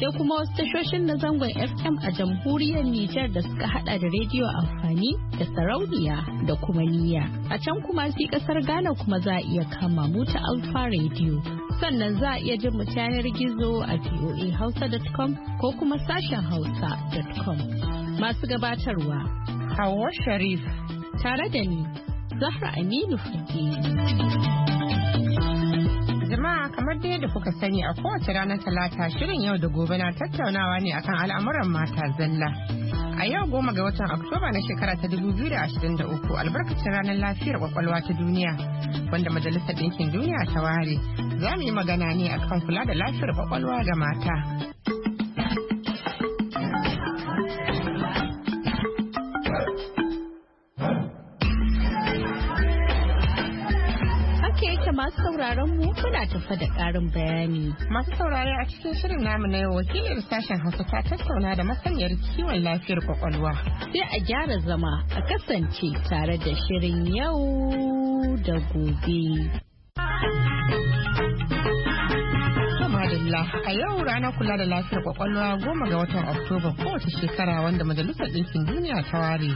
sai kuma wasu tashoshin na zangon FM a jamhuriyar Nijar da suka hada da rediyo amfani da sarauniya da kuma niyya. A can kuma si kasar Ghana kuma za a iya kama mu ta Alfa rediyo Sannan za a iya jin mu gizo a voahausa.com ko kuma sashen hausa.com. Masu gabatarwa. Hawwa Sharif. Tare da ni, Zahra Aminu Fage. dai da kuka sani a kowace ranar talata shirin yau da gobe na tattaunawa ne akan al'amuran mata zalla. A yau goma ga watan Oktoba na shekara ta da uku, albarkacin ranar lafiyar kwakwalwa ta duniya wanda Majalisar Ɗinkin Duniya ta ware za mu yi magana ne akan kula da lafiyar kwakwalwa ga mata. sauraron mu muna tafa da ƙarin bayani. Masu saurare a cikin shirin namu na yau wakilin sashen Hausa ta tattauna da masaniyar kiwon lafiyar kwakwalwa. Sai a gyara zama a kasance tare da shirin yau da gobe. Allah a yau ranar kula da lafiyar kwakwalwa goma ga watan oktoba kowace shekara wanda majalisar ɗinkin duniya ta ware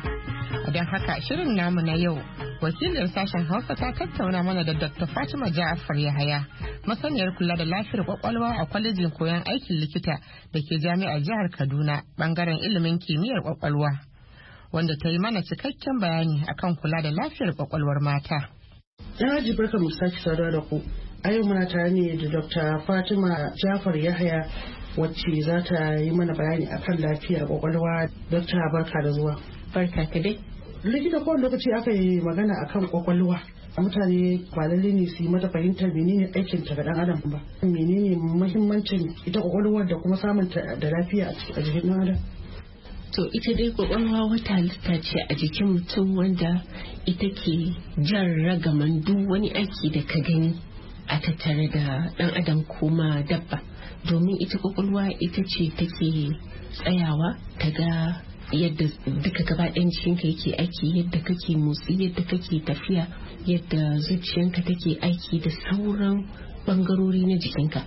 don haka shirin namu na yau wakilin sashen hausa ta tattauna mana da dr fatima ja'afar yahaya masaniyar kula da lafiyar kwakwalwa a kwalejin koyon aikin likita da ke jami'ar jihar kaduna bangaren ilimin kimiyyar kwakwalwa wanda ta yi mana cikakken bayani akan kula da lafiyar kwakwalwar mata. Yan haji barka mu sake saduwa da ku. a yau muna tare ne da dr fatima jafar yahaya wacce za ta yi mana bayani akan lafiya kwakwalwa dr barka da zuwa barka ka dai likita kowane lokaci aka yi magana akan kwakwalwa mutane kwalalli ne su yi mata fahimtar menene aikin ta ga dan adam ba menene muhimmancin ita kwakwalwa da kuma samun da lafiya a jikin dan adam to ita dai kwakwalwa wata halitta ce a jikin mutum wanda ita ke jan ragaman duk wani aiki da ka gani a tattare da ɗan adam kuma dabba domin ita kwakwalwa ita ce take tsayawa ta ga yadda duka gaba ɗan cikinka yake aiki yadda kake motsi yadda kake tafiya yadda zuciyanka take aiki da sauran bangarori na jikinka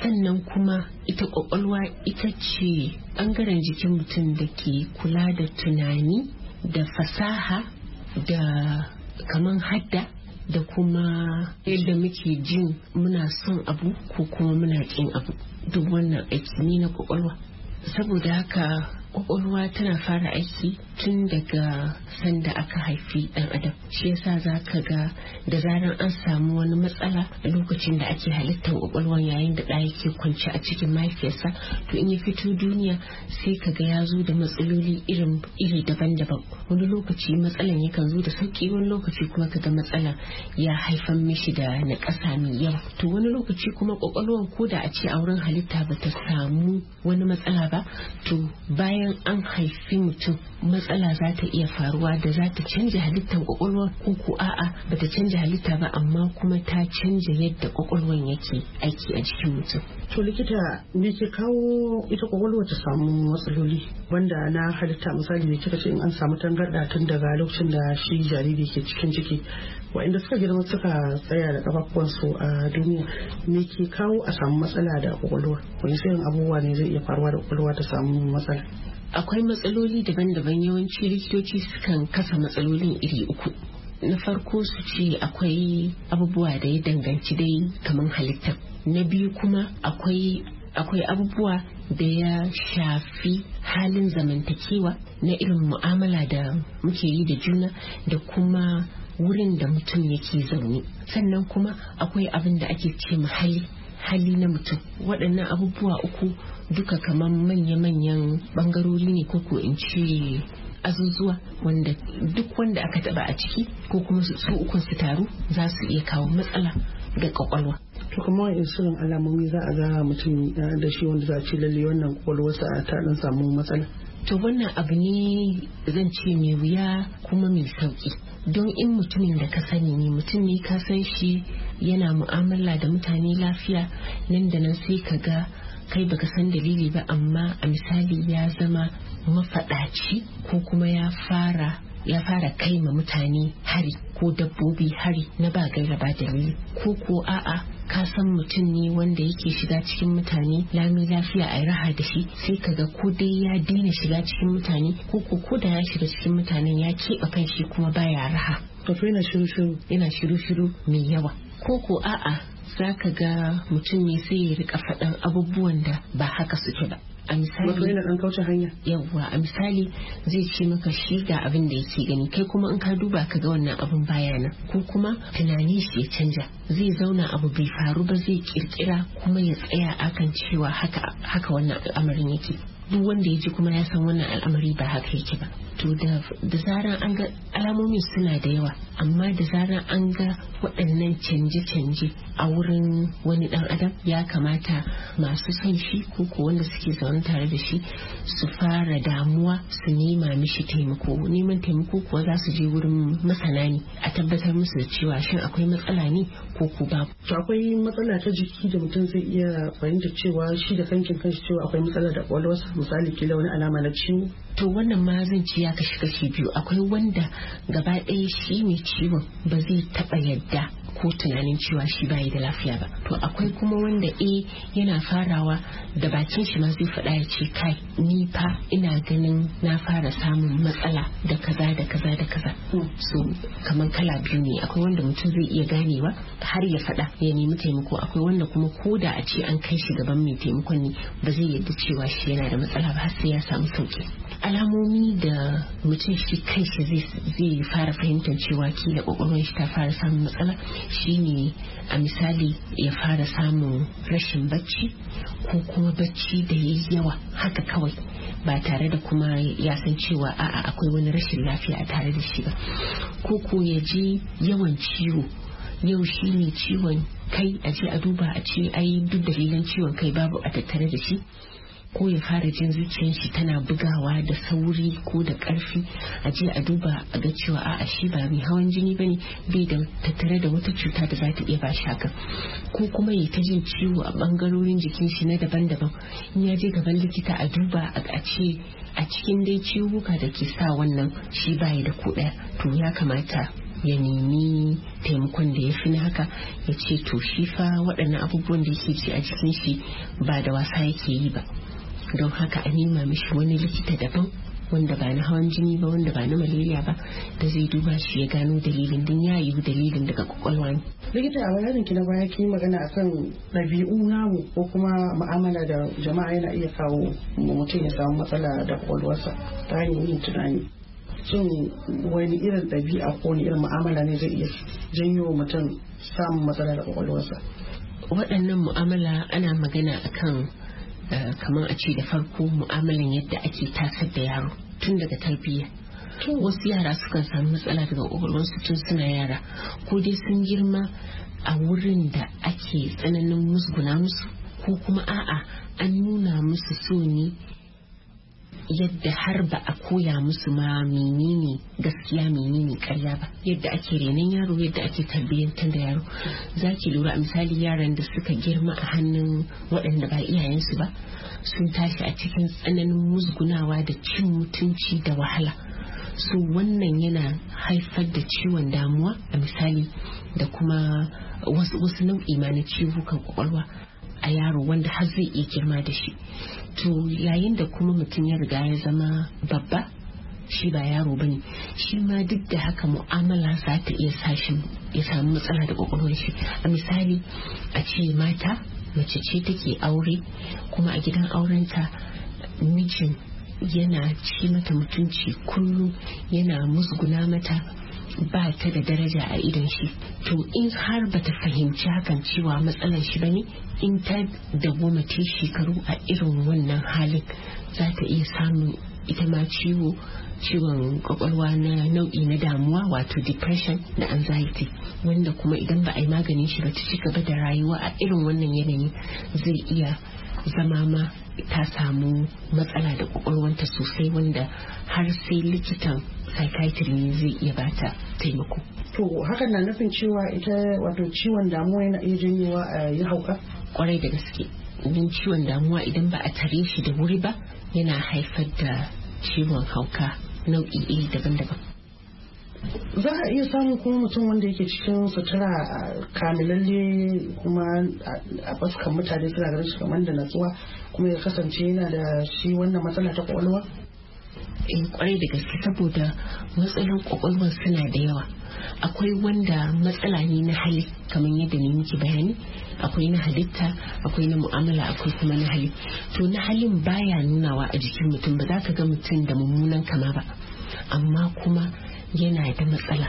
sannan kuma ita kwakwalwa ita ce bangaren jikin mutum da ke kula da tunani da fasaha da kaman hadda da kuma yadda muke jin muna son abu ko kuma muna kin abu duk wannan aiki ne na kwakwalwa saboda haka kwakwalwa tana fara aiki tun daga sanda aka haifi dan adam shi yasa za ka ga da zaran an samu wani matsala lokacin da ake halittar kwakwalwan yayin da ɗa yake kwance a cikin mahaifiyarsa to in ya fito duniya sai ka ga ya zo da matsaloli irin iri daban-daban wani lokaci matsalan yakan zo da sauki wani lokaci kuma ka ga matsala ya haifan mishi da na ƙasa mai yawa to wani lokaci kuma kwakwalwan ko da a ce a wurin halitta ba ta samu wani matsala ba to bayan bayan an haifi mutum matsala za ta iya faruwa da za ta canja halittar kwakwalwa ko a'a ba ta canja halitta ba amma kuma ta canja yadda kwakwalwan yake aiki a jikin mutum. To likita me ke kawo ita kwakwalwa ta samu matsaloli wanda na halitta misali ne kika ce in an samu tangarɗa tun daga lokacin da shi jariri ke cikin ciki wa'inda suka girma suka tsaya da kafafuwansu a duniya me ke kawo a samu matsala da kwakwalwa wani irin abubuwa ne zai iya faruwa da kwakwalwa ta samu matsala. akwai matsaloli daban-daban yawanci likitoci sukan kasa matsalolin iri uku na farko su ce akwai abubuwa da ya danganci dai kamar halitta na biyu kuma akwai akwai abubuwa da ya shafi halin zamantakewa na irin mu'amala da muke yi da juna da kuma wurin da mutum yake zaune sannan kuma akwai abin da ake ce hali hali na mutum waɗannan abubuwa uku duka kamar manya-manyan ɓangarori ne ko in ce azuzuwa wanda duk wanda aka taba a ciki ko kuma su ukun su taru za su iya kawo matsala ga kwakwalwa. to kuma alamomi za a ga mutum eh, da shi wanda za a ci lalle wannan kwakwalwarsa ta dan samu matsala. to wannan abu ne zan ce mai wuya kuma mai sauki don in mutumin da ka sani ne mutum ne ka san shi yana mu'amala da mutane lafiya nan da nan sai ka ga kai baka san dalili ba amma a misali ya zama mafaɗaci ko kuma ya fara ya fara kai ma mutane hari ko dabbobi hari na ba gaira ba dalili ko ko a'a ka san mutum ne wanda yake shiga cikin mutane lami lafiya a raha da shi sai ka ga ko dai ya daina shiga cikin mutane ko ko ko da ya shiga cikin mutanen ya keɓe kan shi kuma baya raha. Wato na shiru-shiru. Yana shiru-shiru mai yawa. Koko ko a'a za ka ga mutum ne sai ya rika faɗan abubuwan da ba haka suke ba a misali hanya yawwa a misali zai ce maka shi ga abin da yake gani kai kuma in ka duba ka ga wannan abin bayana ko kuma tunani shi ya canja zai zauna abu bai faru ba zai kirkira kuma ya tsaya akan cewa haka haka wannan al'amarin yake duk wanda ya ji kuma ya san wannan al'amari ba haka yake ba to da zaran an ga alamomin suna da yawa amma da zaran an ga waɗannan canje-canje a wurin wani ɗan adam ya kamata masu son shi ko ko wanda suke zaune tare da shi su fara damuwa su nema mishi taimako neman taimako kuwa za su je wurin masana ne a tabbatar musu da cewa shin akwai matsala ne ko ko babu to akwai matsala ta jiki da mutum zai iya fahimta cewa shi da kankin kanshi cewa akwai matsala da kwakwalwarsa misali kila wani alama na ciwo to wannan ma zan ci ya kashi kashi biyu akwai wanda gaba ɗaya shi ne ciwon ba zai taɓa yadda ko tunanin cewa shi bayi da lafiya ba to akwai kuma wanda e yana farawa da bakin shi ma zai faɗa ya ce kai ni fa ina ganin na fara samun matsala da kaza da kaza da kaza so kamar kala biyu ne akwai wanda mutum zai iya ganewa har ya faɗa ya nemi taimako akwai wanda kuma ko da a ce an kai shi gaban mai taimakon ne ba zai yarda cewa shi yana da matsala ba har sai ya samu sauki alamomi da mutum shi kai shi zai fara fahimtar cewa kila kwakwalwar shi ta fara samun matsala shine a misali ya fara samun rashin bacci ko kuma bacci da ya yawa haka kawai ba tare da kuma ya san cewa a'a akwai wani rashin lafiya a tare da shi ba ko ko ya ji yawan ciwo yau shi ne ciwon kai a ce a duba a ce ai duk dalilan ciwon kai babu a tattare da shi ko ya fara jin zuciyar shi tana bugawa da sauri ko da karfi a je a duba a ga cewa a'a shi ba mai hawan jini bane bai da tattare da wata cuta da za ta iya bashi haka ko kuma ya ta jin ciwo a bangarorin jikin shi na daban-daban in ya je gaban likita a duba a ce a cikin dai ciwuka da ke sa wannan shi ba ya da ko to ya kamata ya nemi taimakon da ya fi na haka ya ce to shi fa waɗannan abubuwan da yake ci a jikin shi ba da wasa yake yi ba don haka an nema mishi wani likita daban wanda ba na hawan jini ba wanda ba na malaria ba da zai duba shi ya gano dalilin din ya yi dalilin daga kwakwalwa ne. likita a bayanin ki na baya ki magana akan ɗabi'u namu ko kuma mu'amala da jama'a yana iya kawo mutum ya samu matsala da kwakwalwarsa ta hanyar yin tunani shin wani irin ɗabi'a ko wani irin mu'amala ne zai iya janyo mutum samun matsala da kwakwalwarsa waɗannan mu'amala ana magana akan Eh, kamar a ce da farko mu'amalan yadda ake tasar da yaro tun daga tarbiyya wasu yara sukan samu matsala daga ƙwaƙwalwarsu tun suna yara ko dai sun girma a wurin da ake tsananin musguna musu ko kuma a'a an nuna musu so ne yadda har ba a koya musu ma menene gaskiya menene karya ba yadda ake renon yaro yadda ake tarbiyyantar da yaro za ki lura a misali yaran da suka girma a hannun waɗanda ba iyayensu ba sun tashi a cikin tsananin musgunawa da cin mutunci da wahala su wannan yana haifar da ciwon damuwa a misali da kuma wasu nau'i ma na ciwukan kwakwalwa a yaro wanda har zai iya girma da shi to yayin da kuma mutum ya riga ya zama babba shi ba yaro bane shi ma duk da haka mu'amala za ta iya sashin ya samu matsala da kwakwalwar shi a misali a ce mata mace ce take aure kuma a gidan aurenta mijin yana ci mata mutunci kullum yana musguna mata ba ta da daraja a idon shi to in har ba ta fahimci hakan cewa matsalar shi bane in ta goma ta shekaru a irin wannan halin za ta iya samun ita ma ciwo ciwon kwakwalwa na nau'i na damuwa wato depression da anxiety wanda kuma idan ba a yi maganin shi ba ta ci gaba da rayuwa a irin wannan yanayi zai iya zama ma ta samu matsala da kwakwalwanta sosai wanda har sai likitan psychiatry ne zai iya bata taimako to hakan na nufin cewa ita wato ciwon damuwa yana iya janyowa eh, a yi hauka kwarai da gaske don ciwon damuwa idan ba a tare shi da wuri ba yana haifar da ciwon hauka nau'i iri daban-daban za a iya samun kuma mutum wanda yake cikin sutura kamilalle kuma a fuskan mutane suna ganin shi kamar da natsuwa kuma ya kasance yana da shi wannan matsala ta kwakwalwa? in eh, kwarai da gaske saboda matsalar kwakwalwar suna da yawa akwai wanda matsala ne na hali kamar yadda ne muke bayani akwai na halitta akwai na mu'amala akwai kuma na hali to na halin baya nunawa a jikin mutum ba za ka ga mutum da mummunan kama ba amma kuma yana da matsala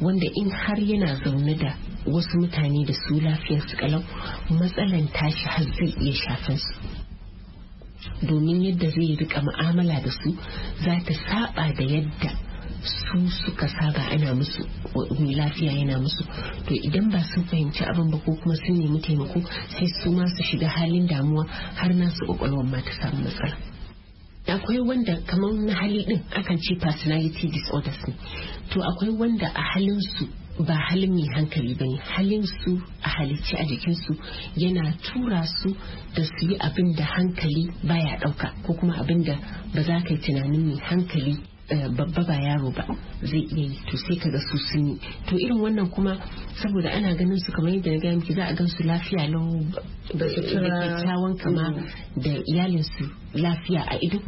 wanda in har yana zaune da wasu mutane da su lafiyar su kalau matsalan tashi har zai iya shafin su domin yadda zai rika mu'amala da su za ta saba da yadda su suka saba ana musu mai lafiya yana musu to idan ba sun fahimci abin ba ko kuma sun nemi taimako sai su ma su shiga halin damuwa har nasu kwakwalwar ma ta samu matsala akwai wanda kamar na hali din akan ce personality disorders ne to akwai wanda a halin su ba halin mai hankali ba ne halin su a halicci a jikinsu yana tura su da su yi abin da hankali baya ɗauka ko kuma abin da ba za ka yi tunanin mai hankali Eh, babba ba yaro ba zai iya yi to sai kaga su sun yi to irin wannan kuma saboda ana ganin su kamar yadda na gaya miki za a gan su lafiya lau da eh, kyakkyawan kama mm. da iyalinsu lafiya a ido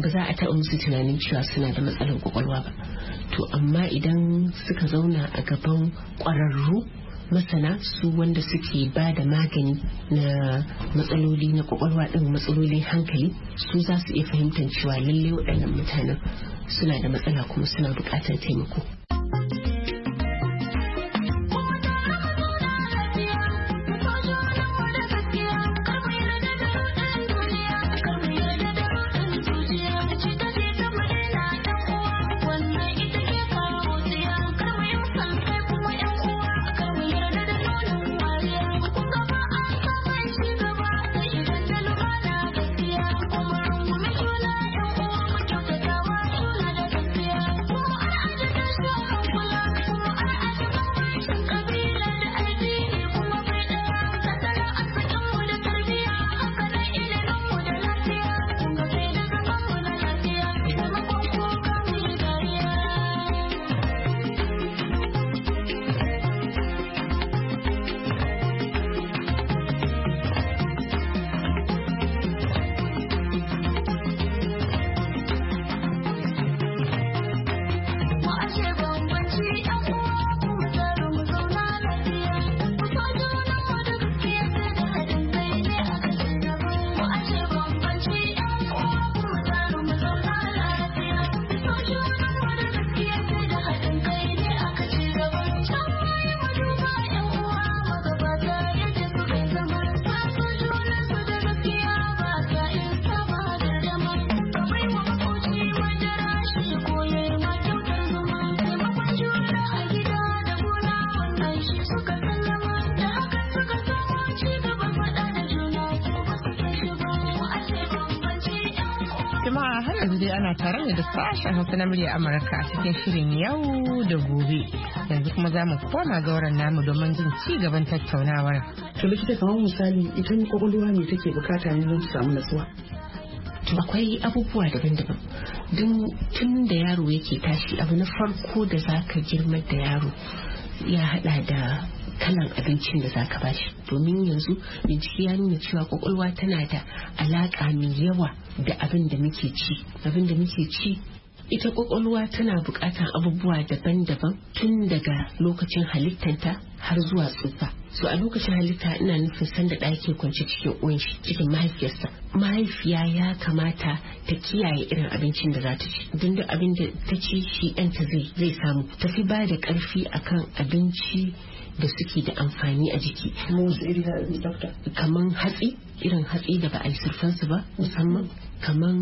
ba za a taɓa musu tunanin cewa suna da matsalar kwakwalwa ba to amma idan suka zauna a gaban kwararru. masana su wanda suke ba da magani na matsaloli na kwakwalwa ɗin matsalolin hankali su za su iya fahimtar cewa lallai waɗannan mutanen suna da matsala kuma suna buƙatar taimako kuma har yanzu dai ana tare ne da sashen hausa na murya amurka cikin shirin yau da gobe yanzu kuma za mu koma wurin namu domin jin ci gaban tattaunawar to likita kamar misali ita kwakwalwa ne take bukata ne don samu nasuwa to akwai abubuwa daban-daban don tun da yaro yake tashi abu na farko da zaka girma da yaro ya hada da kalan abincin da za ka shi domin yanzu bincike ya nuna cewa kwakwalwa tana da alaka mai yawa da abin da muke ci abin da muke ci ita kwakwalwa tana bukatar abubuwa daban-daban tun daga lokacin halittanta har zuwa tsufa so a lokacin halitta ina nufin sanda da ke kwance cikin uwanshi cikin mahaifiyarsa mahaifiya ya kamata ta kiyaye irin abincin da za ta ci don duk abin da ta ci shi ɗanta zai zai samu ta fi ba da ƙarfi akan abinci da suke da amfani a jiki kamar hatsi irin hatsi da ba a yi surfansu ba musamman kamar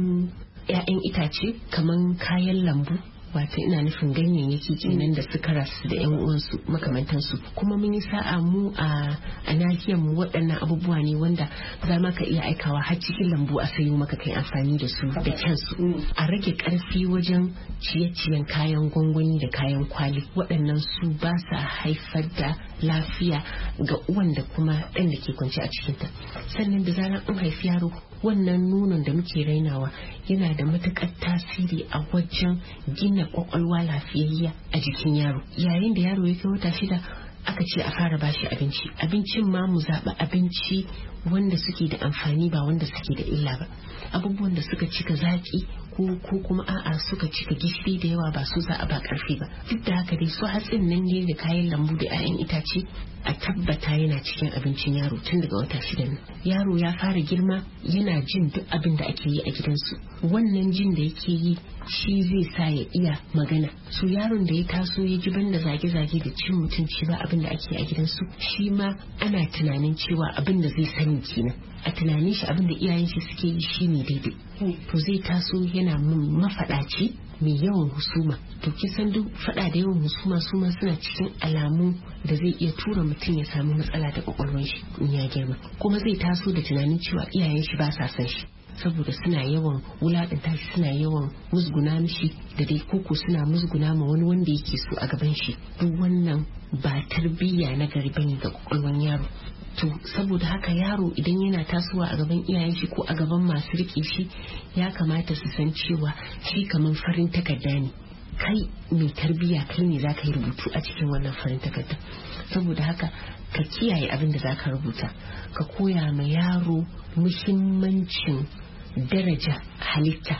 'ya'yan itace kaman kayan lambu wato ina nufin ganyayyaki kenan da suka rasu da yan uwansu makamantansu kuma mun yi sa'a mu a nahiyar mu waɗannan abubuwa ne wanda za ma ka iya aikawa har cikin lambu a sayo maka kai amfani da su da kyansu mm. a rage ƙarfi wajen ciye-ciyen kayan gwangwani da kayan kwali waɗannan su ba sa haifar da lafiya ga uwan da kuma ɗan da ke kwance a cikinta sannan da zarar an haifi yaro wannan nonon da muke rainawa yana da matukar tasiri a wajen gina kwakwalwa lafiyayya a jikin yaro yayin da yaro ya kai wata shida aka ce a fara bashi abinci abincin ma mu zaɓa abinci wanda suke da amfani ba wanda suke da illa ba abubuwan da suka cika zaƙi ko kuma a'a suka cika gishiri da yawa ba su za a ba ƙarfi ba duk da haka dai su hatsin nan ne da kayan lambu da 'ya'yan itace a tabbata yana cikin abincin yaro tun daga wata shida ne yaro ya fara girma yana jin duk abin da ake yi a gidansu wannan jin da yake yi shi zai sa ya iya magana su yaron da ya taso ya ji banda zage-zage da cin mutunci ba abin da ake a gidansu shi ma ana tunanin cewa abin da zai sani kenan a tunanin shi abin da iyayen shi suke yi shi ne daidai to zai taso yana mafaɗaci mai yawan husuma to kin san duk faɗa da yawan husuma su ma suna cikin alamu da zai iya tura mutum ya samu matsala da kwakwalwar shi in ya girma kuma zai taso da tunanin cewa iyayen shi ba sa son shi saboda suna yawan wulaɗanta shi suna yawan musguna mishi da dai koko suna musguna ma wani wanda yake so a gaban shi duk wannan ba tarbiyya na gari bane ga kwakwalwar yaro to saboda haka yaro idan yana tasowa a gaban iyayen shi ko a gaban masu riƙe shi ya kamata su san cewa shi kamar farin takarda ne kai mai tarbiyya kai ne za ka yi rubutu a cikin wannan farin takarda saboda haka ka kiyaye abin da za ka rubuta ka koya ma yaro muhimmancin daraja halitta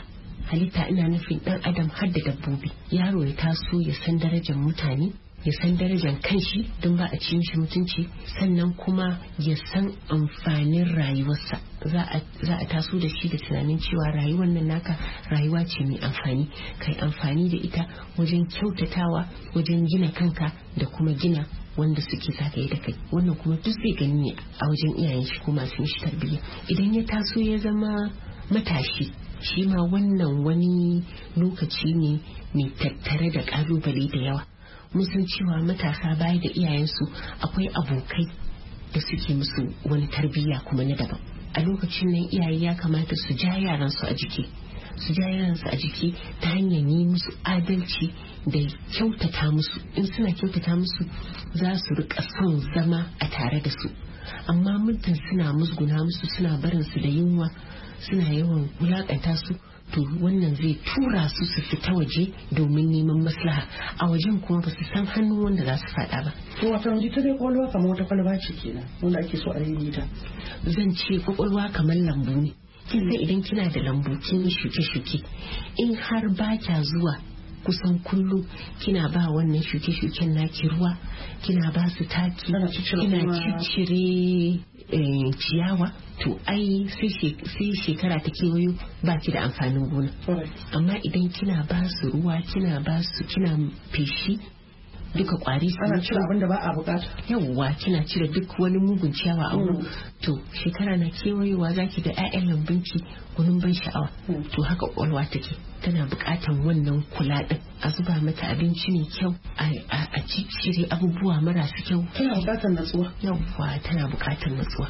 halitta ina nufin dan adam har da dabbobi yaro ya taso ya san darajar mutane ya san darajar shi don ba a ci shi mutunci sannan kuma ya san amfanin rayuwarsa za a taso da shi da tunanin cewa rayuwar nan naka rayuwa ce mai amfani kai amfani da ita wajen kyautatawa wajen gina kanka da kuma gina wanda suke zagaye da kai wannan kuma duk zai gani a wajen iyayen shi ko masu shi tarbiyya idan ya taso ya zama matashi shi ma wannan wani lokaci ne mai tattare da kalubale da yawa mun san cewa matasa baya da iyayensu akwai abokai da suke musu wani tarbiyya kuma na daban a lokacin nan iyaye ya kamata su ja yaransu a jiki su ja yaransu a jiki ta hanyar yi musu adalci da kyautata musu in suna kyautata musu za su rika son zama a tare da su amma muddin suna musguna musu suna barin su da yunwa suna yawan wulaƙanta su to wannan zai tura su su fita waje domin neman maslaha a wajen kuma ba su san hannu wanda za su faɗa ba. To wata yanzu ta zai kwakwalwa kamar wata kwalba ce kenan wanda ake so a yi ta. zan ce kwakwalwa kamar lambu ne. kin idan kina da lambu kin shuke-shuke in har ba kya zuwa kusan kullum kina ba wannan shuke-shuken naki ruwa kina ba su taki kina eh, ciyawa to ai sai shekara ta kewayo ba ki da amfanin gona amma idan kina ba su ruwa kina ba su kina feshi duka kwari su ana cire abin da ba a bukata yawwa kina cire duk wani mugun ciyawa a wurin mm. to shekara na kewayewa zaki da ƴaƴan lambunki gunin ban sha'awa mm. to haka kwalwa take tana bukatan wannan kula din a zuba mata abinci mai kyau a cire abubuwa marasu kyau tana bukatan natsuwa yawwa tana bukatan natsuwa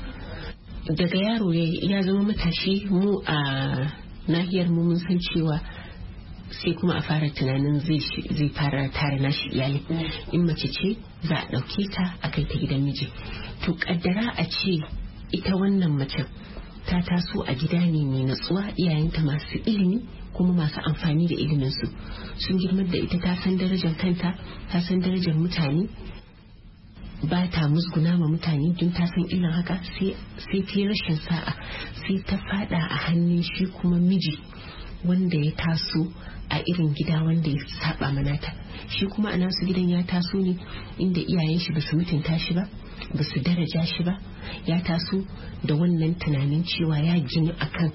daga yaro ya zama matashi mu a nahiyar mu mun san cewa sai kuma a fara tunanin zai fara tare nashi iyali in mace ce za a ɗauke ta a kai ta gidan miji to kaddara a ce ita wannan mace ta taso a gida ne mai natsuwa iyayenta masu ilimi kuma masu amfani da iliminsu sun girma da ita ta san darajar kanta ta san darajar mutane ba ta musguna ma mutane don ta san ilin haka sai ta rashin sa'a sai ta fada a hannun shi kuma miji wanda ya taso a irin gida wanda ya saba ta shi kuma a nasu gidan ya taso ne inda iyayen shi basu mutunta shi ba basu daraja shi ba ya taso da wannan tunanin cewa ya gini akan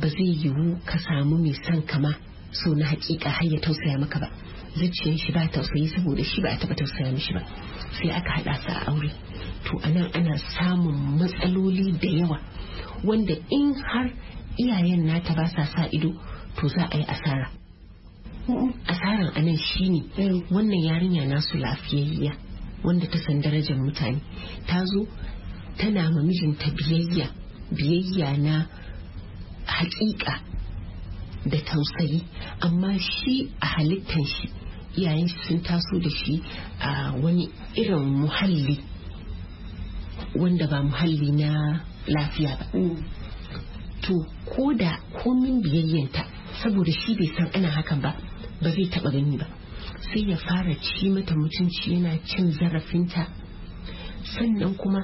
ba zai yiwu ka samu mai san kama so na hakika har ya tausaya maka ba zuciyar shi ba tausayi saboda shi ba a taba tausaya mishi ba sai aka hada su a aure to anan ana samun matsaloli da yawa wanda in har iyayen nata ba sa sa ido to za a yi asara asaran anan shi ne. Mm. wannan yarinya nasu lafiyayya wanda ta san darajar mutane ta zo tana ma mijinta biyayya biyayya na hakika da tausayi amma shi a halittar shi iyayen shi sun taso da shi a wani irin muhalli wanda ba muhalli na lafiya ba mm. to ko da komin biyayyanta saboda shi bai san ana hakan ba ba zai taba gani ba sai ya fara ci mata mutunci yana cin zarafinta sannan kuma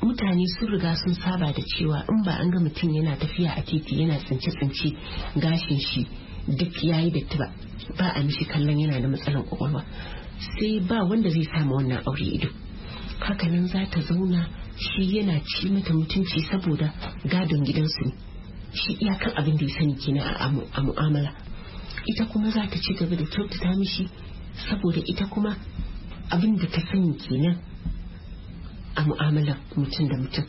mutane sun riga sun saba da cewa in ba an ga mutum yana tafiya a titi yana tsince-tsince gashin shi duk yayi datti ba ba a mishi kallon yana da matsalar kwakwalwa sai ba wanda zai samu wannan aure ido hakanan za ta zauna shi yana ci mata mutunci saboda gadon gidansu ne shi iyakar abin da ya sani kenan a mu'amala ita kuma za ta ci gaba da kyautata mishi saboda ita kuma abin da ta sani kenan a mu'amala mutum da mutum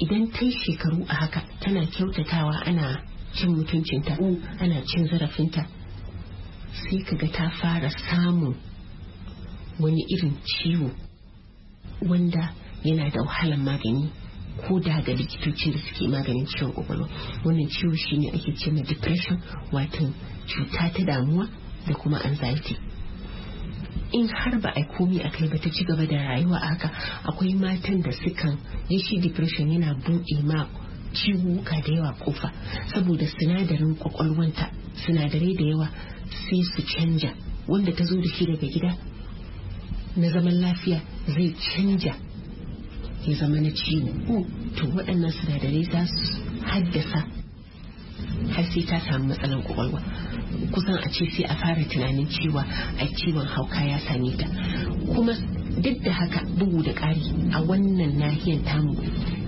idan ta yi shekaru a haka tana kyautatawa ana cin mutuncinta ana cin zarafinta sai kaga ta fara samun wani irin ciwo wanda yana da wahalar magani ko da ga likitoci da suke maganin ciwon kwakwalwa wannan ciwo shine ake ce ma depression wato cuta ta damuwa da kuma anxiety in har ba a komi a kai ba ta ci gaba da rayuwa haka akwai matan da sukan yi shi depression yana buɗe ma ciwuka da yawa kofa saboda sinadarin kwakwalwanta sinadarai da yawa sai su canja wanda ta zo da shi daga gida na zaman lafiya zai canja ya zama na ciwo oh, to waɗannan sinadarai za su haddasa har sai ta samu matsalan kwakwalwa kusan a ce sai a fara tunanin cewa a ciwon hauka ya same ta kuma duk da haka bugu da ƙari a wannan nahiyar tamu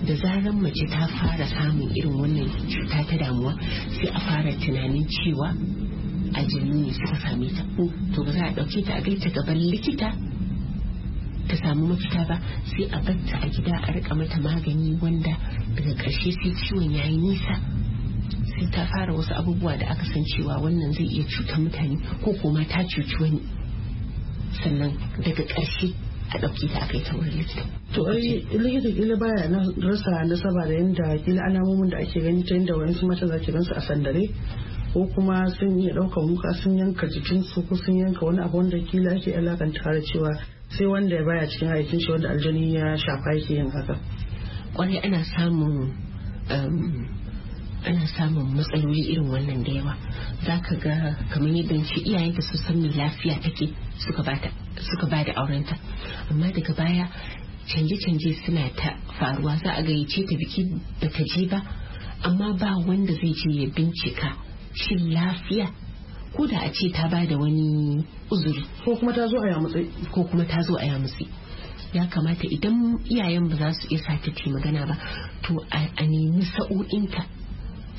da zaran mace ta fara samun irin wannan cuta ta damuwa sai a fara tunanin cewa a jini ne suka same ta oh, to ba za a ɗauke ta a gaita gaban likita ta samu mafita ba sai a banta a gida a rika mata magani wanda daga karshe sai ciwon ya yi nisa sai ta fara wasu abubuwa da aka san cewa wannan zai iya cutar mutane ko kuma ta cuci wani sannan daga karshe a ɗauki ta aka yi ta wurin likita. To ai likita kila baya na rasa nasaba da yadda kila alamomin da ake gani ta yadda wani mata za ki gansu a sandare ko kuma sun iya ɗaukar muka sun yanka jikinsu ko sun yanka wani abu wanda kila ake alakanta da cewa sai wanda ya baya cikin aikin shi wanda aljani ya shafa yake yin haka kwarai ana samun um, ana samun matsaloli irin wannan da yawa za ka ga kamar yadda iyayen iyayenta su san lafiya take suka ba da aurenta amma daga baya canje-canje suna ta faruwa za a gayyace ta biki ba ta je ba amma ba wanda zai je ya bincika shin lafiya ko da a ce ta ba da wani uzuri ko kuma ta zo a yamutse ko kuma ta zo a yamutse ya kamata idan iyayen ba za su iya sa ta magana ba to a nemi sa'o'inta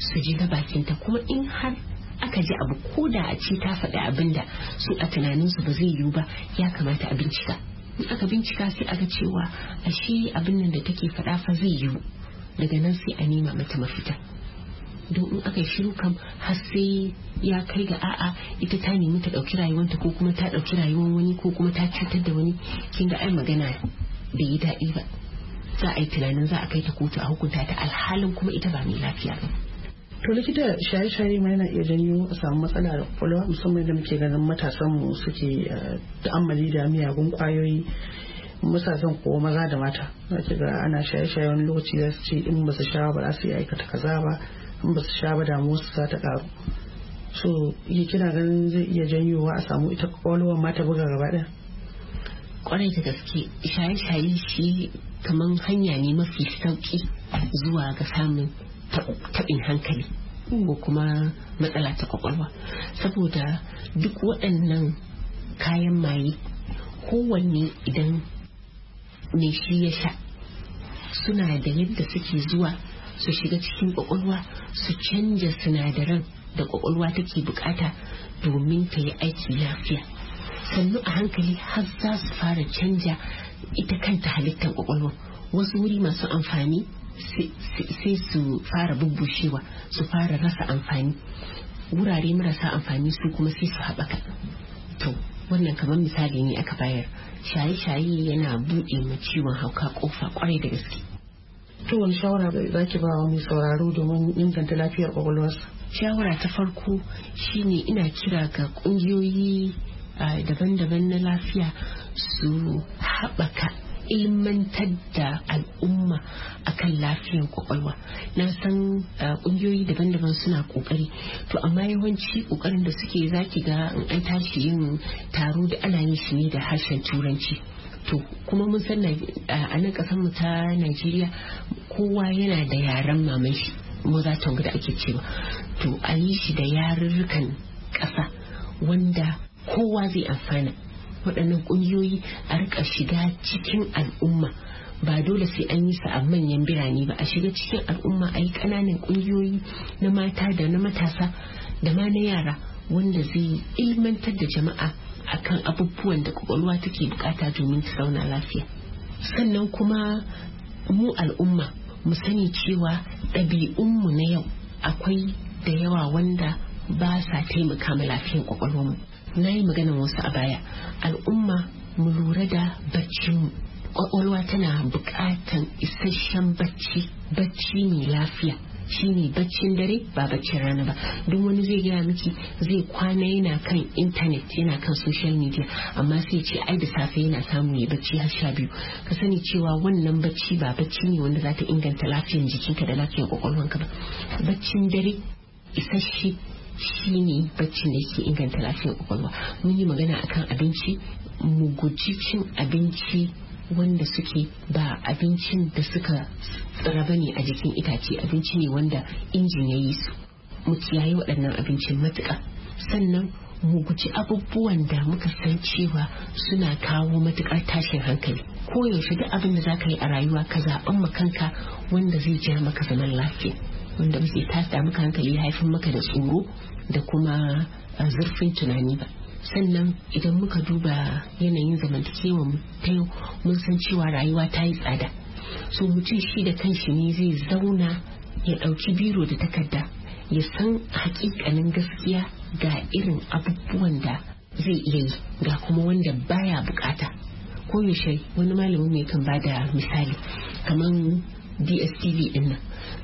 su ji na bakinta kuma in har aka ji abu ko da a ce ta faɗi abin da su a tunaninsu ba zai yiwu ba ya kamata a bincika in aka bincika sai aka cewa ashe abin nan da take faɗa fa zai yiwu daga nan sai a nema mata mafita don in aka shiru kam har sai ya kai ga a'a ita ta nemi ta ɗauki rayuwanta ko kuma ta ɗauki rayuwar wani ko kuma ta cutar da wani kin ga ai magana bai yi daɗi ba za a yi tunanin za a kai ta kotu a hukunta ta alhalin kuma ita ba mai lafiya ba. to likita shaye-shaye ma yana iya janyo a samu matsala da kwakwalwa musamman da muke ganin matasan mu suke eh, ta'ammali da miyagun kwayoyi zan ko maza da mata za ga ana shaye-shaye wani lokaci za ce in ba su sha ba za su yi aikata kaza ba ba su sha ba su za ta karu so yi kina ganin zai iya janyowa a samu ita kwalowar ma buga gaba ɗaya kwarai da gaske shaye-shaye shi kamar hanya ne mafi sauki zuwa ga samun taɓin hankali ko kuma matsala ta kwakwalwa saboda duk waɗannan kayan maye kowanne idan mai shi ya sha suna da yadda suke zuwa su shiga cikin kwakwalwa su canja sinadaran da kwakwalwa take bukata domin ta yi aiki lafiya sannu a hankali har za su fara canja ita kanta halittar kwakwalwa wasu wuri masu amfani sai su fara bubbushewa su fara rasa amfani wurare marasa amfani su kuma sai su haɓaka to wannan kamar misali ne aka bayar shaye-shaye yana buɗe ma ciwon hauka ƙofa kwarai da gaske to shawara za ki ba wa mai sauraro domin inganta lafiyar kwakwalwarsa shawara ta farko shine ina kira ga kungiyoyi daban-daban na lafiya su haɓaka ilmantar da al'umma akan lafiyar kwakwalwa na san kungiyoyi daban-daban suna kokari to amma yawanci kokarin da suke zaki ga an tashi yin taro da ana yin shi ne da harshen turanci to kuma mun san a nan kasar mu ta Najeriya kowa yana da yaren maman shi za ta da ake cewa to a yi shi da yarurrukan ƙasa wanda kowa zai amfana waɗannan ƙungiyoyi a rika shiga cikin al'umma ba dole sai an yi sa a manyan birane ba a shiga cikin al'umma a yi ƙananan ƙungiyoyi na mata da na matasa da ma na yara wanda zai ilmantar da jama'a akan abubuwan da kwakwalwa take bukata domin ta zauna lafiya sannan kuma mu al'umma mu sani cewa ɗabi'unmu na yau akwai da yawa wanda ba sa taimaka ma lafiyar kwakwalwarmu na yi maganin wasu a baya al'umma mu lura da baccinmu kwakwalwa tana bukatan isasshen bacci bacci mai lafiya shine baccin dare ba baccin rana ba duk wani zai gaya miki zai kwana yana kan intanet yana kan social media amma sai ce ai da safe yana samu ya bacci har sha biyu ka sani cewa wannan bacci ba bacci ne wanda za ta inganta lafiyar jikinka da lafiyar kwakwalwanka ba baccin dare isasshe shi ne baccin da ke inganta lafiyar kwakwalwa mun yi magana akan abinci mu guji cin abinci wanda suke ba abincin da suka tsara ne a jikin itace abinci ne wanda injin ya yi su mu kiyaye waɗannan abincin matuƙa sannan mu guji abubuwan da muka san cewa suna kawo matuƙar tashin hankali ko yaushe duk abin da za ka yi a rayuwa ka zaɓen ma kanka wanda zai ja maka zaman lafiya wanda ba zai tasa maka hankali ya haifin maka da tsoro da kuma eh, zurfin tunani ba sannan idan muka duba yanayin zamantakewa ta yau mun san cewa rayuwa ta yi tsada so mutum shi da kanshi ne zai zauna ya ɗauki biro da takarda ya san hakikanin gaskiya ga irin abubuwan da zai iya yi ga kuma wanda baya bukata ko yaushe wani malamin mai kan ba da misali kamar dstv din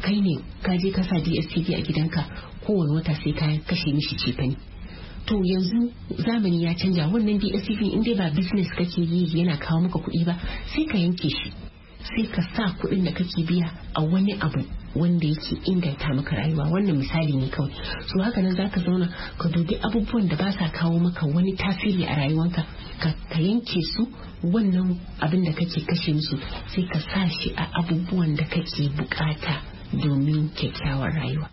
kai ne ka je ka dstv a gidanka kowane wata sai ka kashe mishi cefani to yanzu zamani ya canja wannan dsv in dai ba business kake yi yana kawo maka kuɗi ba sai ka yanke shi sai ka sa kuɗin da kake biya a wani abu wanda yake inganta maka rayuwa wannan misali ne kawai so haka nan zaka zauna ka dubi abubuwan da ba sa kawo maka wani tasiri a rayuwanka ka yanke su wannan abin da kake kashe musu sai ka sa shi a abubuwan da kake bukata domin kyakkyawar rayuwa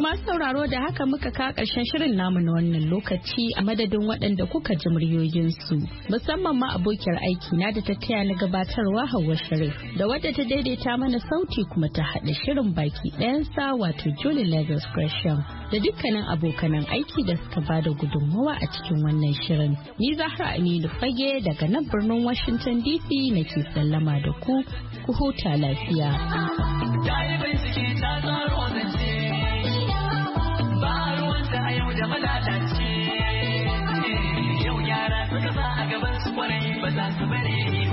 masu sauraro da haka muka ka karshen shirin namu na wannan lokaci a madadin waɗanda kuka ji muryoyinsu musamman ma abokiyar aiki na da ta taya na gabatarwa Hauwa shirin da wadda ta daidaita mana sauti kuma ta haɗa shirin baki ɗayansa wato Julie Lagos Gresham da dukkanin abokanan aiki da suka ba da gudunmawa a cikin wannan shirin. Ni Zahra Aminu Fage daga nan birnin Washington DC nake sallama da ku ku huta lafiya. Ta yi bincike ta tsaro zance ba ruwanta a yau da malalace eh, yau yara suka sa a gaban su kwarai ba za su bare ni